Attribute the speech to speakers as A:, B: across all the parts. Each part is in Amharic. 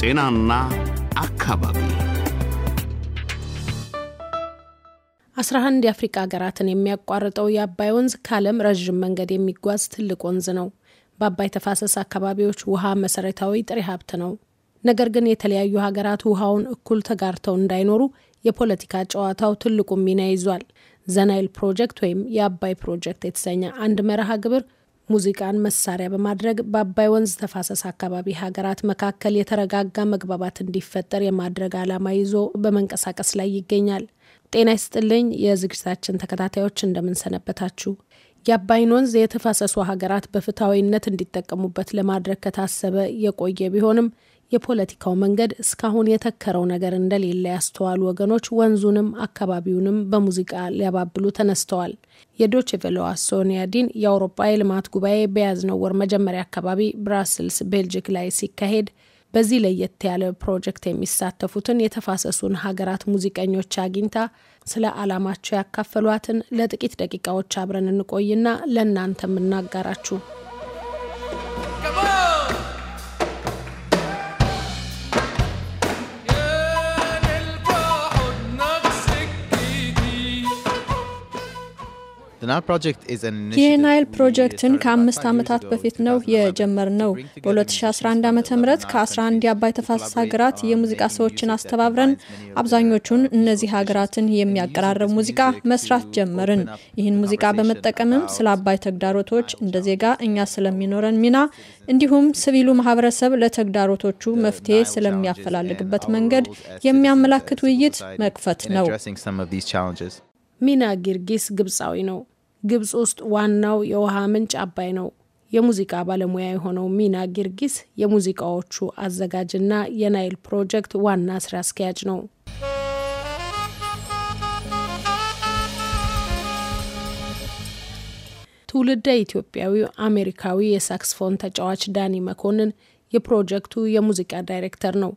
A: ጤናና አካባቢ 11 የአፍሪቃ ሀገራትን የሚያቋርጠው የአባይ ወንዝ ከዓለም ረዥም መንገድ የሚጓዝ ትልቅ ወንዝ ነው። በአባይ ተፋሰስ አካባቢዎች ውሃ መሰረታዊ ጥሬ ሀብት ነው። ነገር ግን የተለያዩ ሀገራት ውሃውን እኩል ተጋርተው እንዳይኖሩ የፖለቲካ ጨዋታው ትልቁ ሚና ይዟል። ዘናይል ፕሮጀክት ወይም የአባይ ፕሮጀክት የተሰኘ አንድ መርሃ ግብር ሙዚቃን መሳሪያ በማድረግ በአባይ ወንዝ ተፋሰስ አካባቢ ሀገራት መካከል የተረጋጋ መግባባት እንዲፈጠር የማድረግ ዓላማ ይዞ በመንቀሳቀስ ላይ ይገኛል። ጤና ይስጥልኝ የዝግጅታችን ተከታታዮች እንደምንሰነበታችሁ። የአባይን ወንዝ የተፋሰሱ ሀገራት በፍትሐዊነት እንዲጠቀሙበት ለማድረግ ከታሰበ የቆየ ቢሆንም የፖለቲካው መንገድ እስካሁን የተከረው ነገር እንደሌለ ያስተዋሉ ወገኖች ወንዙንም አካባቢውንም በሙዚቃ ሊያባብሉ ተነስተዋል። የዶች ቬለዋ ሶኒያ ዲን የአውሮፓ የልማት ጉባኤ በያዝነው ወር መጀመሪያ አካባቢ ብራስልስ ቤልጂክ ላይ ሲካሄድ በዚህ ለየት ያለ ፕሮጀክት የሚሳተፉትን የተፋሰሱን ሀገራት ሙዚቀኞች አግኝታ ስለ ዓላማቸው ያካፈሏትን ለጥቂት ደቂቃዎች አብረን እንቆይና ለእናንተም እናጋራችሁ።
B: የናይል ፕሮጀክትን ከአምስት ዓመታት በፊት ነው የጀመርነው። በ2011 ዓ ም ከ11 የአባይ ተፋሰስ ሀገራት የሙዚቃ ሰዎችን አስተባብረን አብዛኞቹን እነዚህ ሀገራትን የሚያቀራረብ ሙዚቃ መስራት ጀመርን። ይህን ሙዚቃ በመጠቀምም ስለ አባይ ተግዳሮቶች እንደ ዜጋ እኛ ስለሚኖረን ሚና፣ እንዲሁም ሲቪሉ ማህበረሰብ ለተግዳሮቶቹ መፍትሄ ስለሚያፈላልግበት
A: መንገድ የሚያመላክት ውይይት መክፈት ነው። ሚና ጊርጊስ ግብፃዊ ነው። ግብፅ ውስጥ ዋናው የውሃ ምንጭ አባይ ነው። የሙዚቃ ባለሙያ የሆነው ሚና ጊርጊስ የሙዚቃዎቹ አዘጋጅና የናይል ፕሮጀክት ዋና ስራ አስኪያጅ ነው። ትውልደ ኢትዮጵያዊው አሜሪካዊ የሳክስፎን ተጫዋች ዳኒ መኮንን የፕሮጀክቱ የሙዚቃ ዳይሬክተር ነው።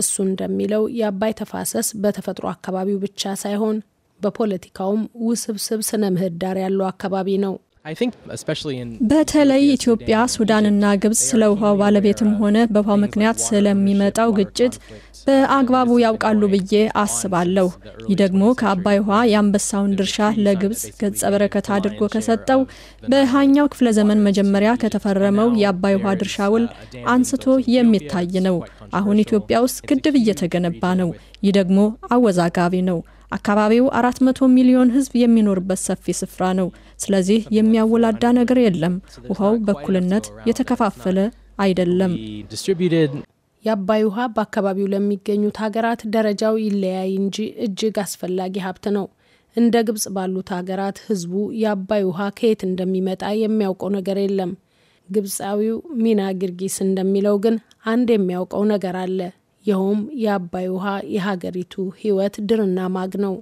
A: እሱ እንደሚለው የአባይ ተፋሰስ በተፈጥሮ አካባቢው ብቻ ሳይሆን በፖለቲካውም ውስብስብ ስነ ምህዳር ያለው አካባቢ ነው። በተለይ
B: ኢትዮጵያ፣ ሱዳንና ግብጽ ስለ ውሃው ባለቤትም ሆነ በውሃው ምክንያት ስለሚመጣው ግጭት በአግባቡ ያውቃሉ ብዬ አስባለሁ። ይህ ደግሞ ከአባይ ውሃ የአንበሳውን ድርሻ ለግብጽ ገጸ በረከት አድርጎ ከሰጠው በሃያኛው ክፍለ ዘመን መጀመሪያ ከተፈረመው የአባይ ውሃ ድርሻ ውል አንስቶ የሚታይ ነው። አሁን ኢትዮጵያ ውስጥ ግድብ እየተገነባ ነው። ይህ ደግሞ አወዛጋቢ ነው። አካባቢው አራት መቶ ሚሊዮን ህዝብ የሚኖርበት ሰፊ ስፍራ ነው። ስለዚህ የሚያወላዳ ነገር የለም። ውሃው በኩልነት
A: የተከፋፈለ አይደለም። የአባይ ውሃ በአካባቢው ለሚገኙት ሀገራት ደረጃው ይለያይ እንጂ እጅግ አስፈላጊ ሀብት ነው። እንደ ግብጽ ባሉት ሀገራት ህዝቡ የአባይ ውሃ ከየት እንደሚመጣ የሚያውቀው ነገር የለም። ግብፃዊው ሚና ጊርጊስ እንደሚለው ግን አንድ የሚያውቀው ነገር አለ። ይኸውም የአባይ ውሃ የሀገሪቱ ህይወት ድርና ማግ ነው።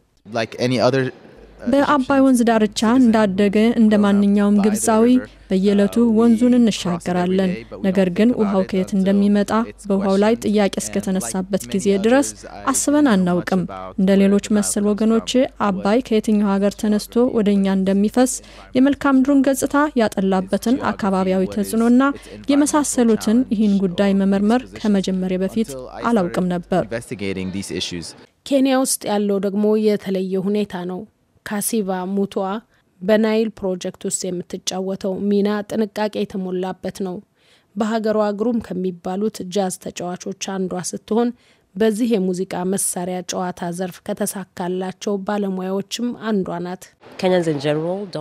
B: በአባይ ወንዝ ዳርቻ እንዳደገ እንደ ማንኛውም ግብፃዊ በየዕለቱ ወንዙን እንሻገራለን። ነገር ግን ውሃው ከየት እንደሚመጣ በውሃው ላይ ጥያቄ እስከተነሳበት ጊዜ ድረስ አስበን አናውቅም። እንደ ሌሎች መሰል ወገኖች አባይ ከየትኛው ሀገር ተነስቶ ወደ እኛ እንደሚፈስ የመልካም ድሩን ገጽታ ያጠላበትን አካባቢያዊ
A: ተጽዕኖና የመሳሰሉትን ይህን ጉዳይ መመርመር ከመጀመሪያ በፊት አላውቅም ነበር። ኬንያ ውስጥ ያለው ደግሞ የተለየ ሁኔታ ነው። ካሲቫ ሙቷ በናይል ፕሮጀክት ውስጥ የምትጫወተው ሚና ጥንቃቄ የተሞላበት ነው። በሀገሯ ግሩም ከሚባሉት ጃዝ ተጫዋቾች አንዷ ስትሆን በዚህ የሙዚቃ መሳሪያ ጨዋታ ዘርፍ ከተሳካላቸው ባለሙያዎችም አንዷ ናት።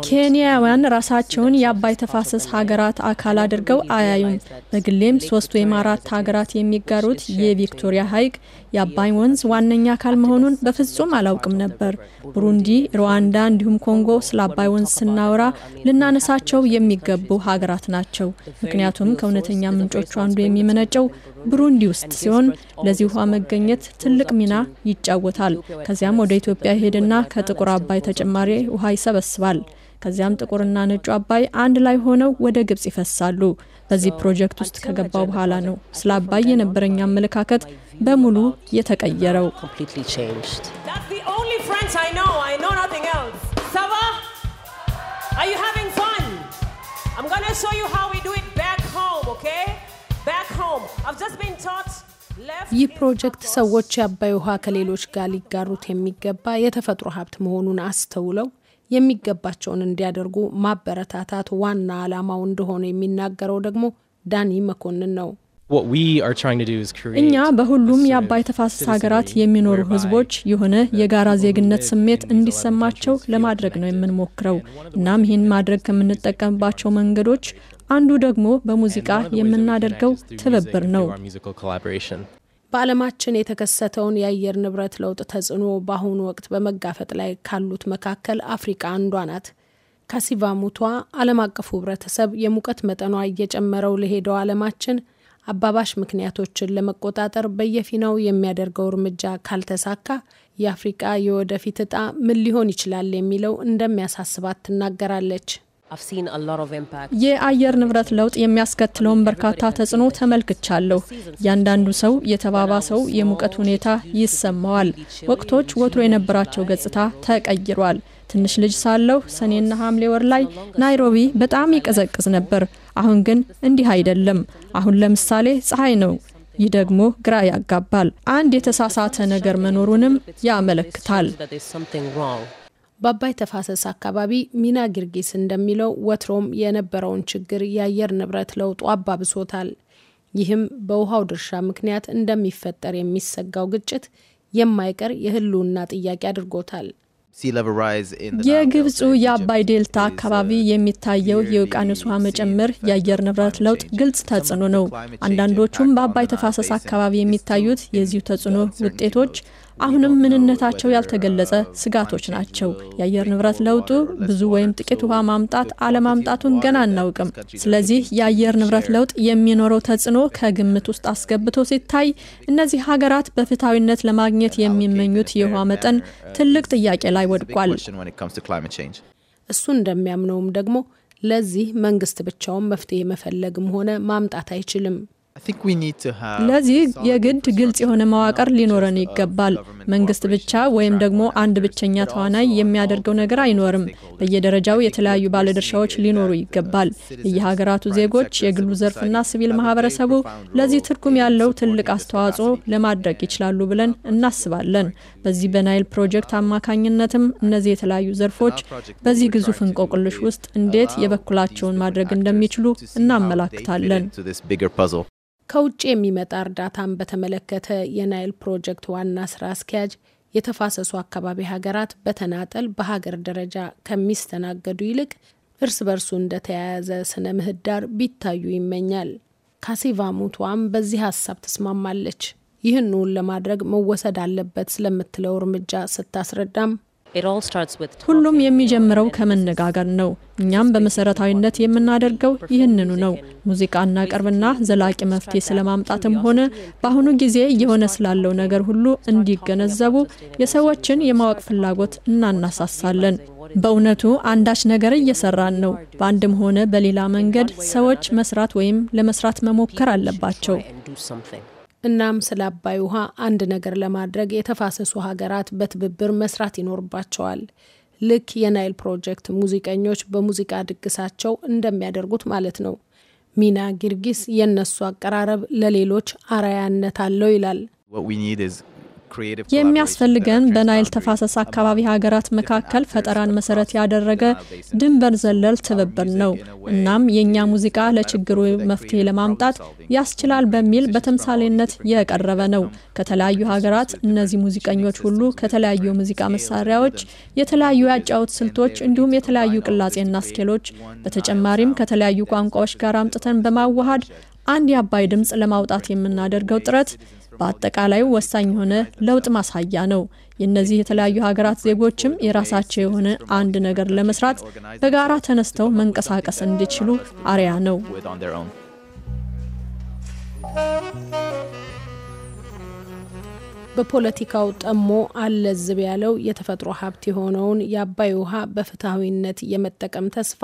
A: ኬንያውያን ራሳቸውን የአባይ ተፋሰስ ሀገራት
B: አካል አድርገው አያዩም። በግሌም ሶስት ወይም አራት ሀገራት የሚጋሩት የቪክቶሪያ ሐይቅ የአባይ ወንዝ ዋነኛ አካል መሆኑን በፍጹም አላውቅም ነበር። ቡሩንዲ፣ ሩዋንዳ እንዲሁም ኮንጎ ስለ አባይ ወንዝ ስናወራ ልናነሳቸው የሚገቡ ሀገራት ናቸው። ምክንያቱም ከእውነተኛ ምንጮቹ አንዱ የሚመነጨው ቡሩንዲ ውስጥ ሲሆን ለዚህ ውሃ መገኘት ትልቅ ሚና ይጫወታል። ከዚያም ወደ ኢትዮጵያ ይሄድና ከጥቁር አባይ ተጨማሪ ውሃ ይሰበስባል። ከዚያም ጥቁርና ነጩ አባይ አንድ ላይ ሆነው ወደ ግብጽ ይፈሳሉ። በዚህ ፕሮጀክት ውስጥ ከገባው በኋላ ነው ስለ አባይ የነበረኝ አመለካከት በሙሉ የተቀየረው።
A: ይህ ፕሮጀክት ሰዎች የአባይ ውሃ ከሌሎች ጋር ሊጋሩት የሚገባ የተፈጥሮ ሀብት መሆኑን አስተውለው የሚገባቸውን እንዲያደርጉ ማበረታታት ዋና ዓላማው እንደሆነ የሚናገረው ደግሞ ዳኒ መኮንን ነው። እኛ በሁሉም
B: የአባይ ተፋሰስ ሀገራት የሚኖሩ ህዝቦች የሆነ የጋራ ዜግነት ስሜት እንዲሰማቸው ለማድረግ ነው የምንሞክረው። እናም ይህን ማድረግ ከምንጠቀምባቸው መንገዶች አንዱ
A: ደግሞ በሙዚቃ የምናደርገው ትብብር ነው። በዓለማችን የተከሰተውን የአየር ንብረት ለውጥ ተጽዕኖ በአሁኑ ወቅት በመጋፈጥ ላይ ካሉት መካከል አፍሪቃ አንዷ ናት። ካሲቫ ሙቷ ዓለም አቀፉ ህብረተሰብ የሙቀት መጠኗ እየጨመረው ለሄደው ዓለማችን አባባሽ ምክንያቶችን ለመቆጣጠር በየፊናው የሚያደርገው እርምጃ ካልተሳካ የአፍሪቃ የወደፊት ዕጣ ምን ሊሆን ይችላል የሚለው እንደሚያሳስባት ትናገራለች። የአየር ንብረት
B: ለውጥ የሚያስከትለውን በርካታ ተጽዕኖ ተመልክቻለሁ። እያንዳንዱ ሰው የተባባሰው የሙቀት ሁኔታ ይሰማዋል። ወቅቶች ወትሮ የነበራቸው ገጽታ ተቀይሯል። ትንሽ ልጅ ሳለሁ ሰኔና ሐምሌ ወር ላይ ናይሮቢ በጣም ይቀዘቅዝ ነበር። አሁን ግን እንዲህ አይደለም። አሁን ለምሳሌ ፀሐይ ነው። ይህ ደግሞ ግራ ያጋባል።
A: አንድ የተሳሳተ ነገር መኖሩንም ያመለክታል። በአባይ ተፋሰስ አካባቢ ሚና ጊርጊስ እንደሚለው ወትሮም የነበረውን ችግር የአየር ንብረት ለውጡ አባብሶታል። ይህም በውሃው ድርሻ ምክንያት እንደሚፈጠር የሚሰጋው ግጭት የማይቀር የህልውና ጥያቄ አድርጎታል።
B: የግብፁ የአባይ ዴልታ አካባቢ የሚታየው የውቅያኖስ ውሃ መጨመር የአየር ንብረት ለውጥ ግልጽ ተጽዕኖ ነው። አንዳንዶቹም በአባይ ተፋሰስ አካባቢ የሚታዩት የዚሁ ተጽዕኖ ውጤቶች አሁንም ምንነታቸው ያልተገለጸ ስጋቶች ናቸው። የአየር ንብረት ለውጡ ብዙ ወይም ጥቂት ውሃ ማምጣት አለማምጣቱን ገና አናውቅም። ስለዚህ የአየር ንብረት ለውጥ የሚኖረው ተጽዕኖ ከግምት ውስጥ አስገብቶ ሲታይ እነዚህ ሀገራት
A: በፍትሐዊነት ለማግኘት የሚመኙት የውሃ መጠን ትልቅ ጥያቄ ላይ ወድቋል። እሱ እንደሚያምነውም ደግሞ ለዚህ መንግስት ብቻውን መፍትሄ መፈለግም ሆነ ማምጣት አይችልም። ለዚህ የግድ ግልጽ የሆነ
B: መዋቅር ሊኖረን ይገባል። መንግስት ብቻ ወይም ደግሞ አንድ ብቸኛ ተዋናይ የሚያደርገው ነገር አይኖርም። በየደረጃው የተለያዩ ባለድርሻዎች ሊኖሩ ይገባል። የየሀገራቱ ዜጎች፣ የግሉ ዘርፍና ሲቪል ማህበረሰቡ ለዚህ ትርጉም ያለው ትልቅ አስተዋጽኦ ለማድረግ ይችላሉ ብለን እናስባለን። በዚህ በናይል ፕሮጀክት አማካኝነትም እነዚህ የተለያዩ
A: ዘርፎች በዚህ ግዙፍ እንቆቅልሽ ውስጥ እንዴት የበኩላቸውን ማድረግ እንደሚችሉ እናመላክታለን። ከውጭ የሚመጣ እርዳታን በተመለከተ የናይል ፕሮጀክት ዋና ስራ አስኪያጅ የተፋሰሱ አካባቢ ሀገራት በተናጠል በሀገር ደረጃ ከሚስተናገዱ ይልቅ እርስ በርሱ እንደተያያዘ ስነ ምህዳር ቢታዩ ይመኛል። ካሲቫ ሙቷም በዚህ ሀሳብ ትስማማለች። ይህንውን ለማድረግ መወሰድ አለበት ስለምትለው እርምጃ ስታስረዳም
B: ሁሉም የሚጀምረው ከመነጋገር ነው። እኛም በመሰረታዊነት የምናደርገው ይህንኑ ነው። ሙዚቃ እናቀርብና ዘላቂ መፍትሄ ስለማምጣትም ሆነ በአሁኑ ጊዜ እየሆነ ስላለው ነገር ሁሉ እንዲገነዘቡ የሰዎችን የማወቅ ፍላጎት እናናሳሳለን። በእውነቱ አንዳች ነገር እየሰራን ነው። በአንድም ሆነ በሌላ መንገድ ሰዎች መስራት ወይም ለመስራት መሞከር አለባቸው።
A: እናም ስለ አባይ ውሃ አንድ ነገር ለማድረግ የተፋሰሱ ሀገራት በትብብር መስራት ይኖርባቸዋል። ልክ የናይል ፕሮጀክት ሙዚቀኞች በሙዚቃ ድግሳቸው እንደሚያደርጉት ማለት ነው። ሚና ጊርጊስ የእነሱ አቀራረብ ለሌሎች አራያነት አለው ይላል። የሚያስፈልገን በናይል ተፋሰስ አካባቢ ሀገራት መካከል ፈጠራን
B: መሰረት ያደረገ ድንበር ዘለል ትብብር ነው። እናም የእኛ ሙዚቃ ለችግሩ መፍትሄ ለማምጣት ያስችላል በሚል በተምሳሌነት የቀረበ ነው። ከተለያዩ ሀገራት እነዚህ ሙዚቀኞች ሁሉ ከተለያዩ የሙዚቃ መሳሪያዎች፣ የተለያዩ ያጫወት ስልቶች እንዲሁም የተለያዩ ቅላጼና ስኬሎች በተጨማሪም ከተለያዩ ቋንቋዎች ጋር አምጥተን በማዋሃድ አንድ የአባይ ድምፅ ለማውጣት የምናደርገው ጥረት በአጠቃላዩ ወሳኝ የሆነ ለውጥ ማሳያ ነው። የእነዚህ የተለያዩ ሀገራት ዜጎችም የራሳቸው የሆነ አንድ ነገር ለመስራት በጋራ ተነስተው መንቀሳቀስ እንዲችሉ አርያ ነው።
A: በፖለቲካው ጠሞ አለዝብ ያለው የተፈጥሮ ሀብት የሆነውን የአባይ ውሃ በፍትሐዊነት የመጠቀም ተስፋ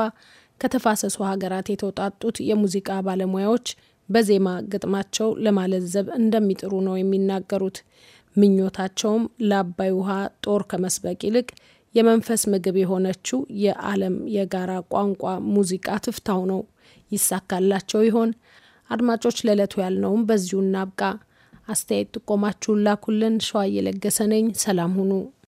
A: ከተፋሰሱ ሀገራት የተውጣጡት የሙዚቃ ባለሙያዎች በዜማ ግጥማቸው ለማለዘብ እንደሚጥሩ ነው የሚናገሩት። ምኞታቸውም ለአባይ ውሃ ጦር ከመስበቅ ይልቅ የመንፈስ ምግብ የሆነችው የዓለም የጋራ ቋንቋ ሙዚቃ ትፍታው ነው። ይሳካላቸው ይሆን? አድማጮች፣ ለዕለቱ ያልነውም በዚሁ እናብቃ። አስተያየት ጥቆማችሁን ላኩልን። ሸዋ እየለገሰ ነኝ። ሰላም ሁኑ።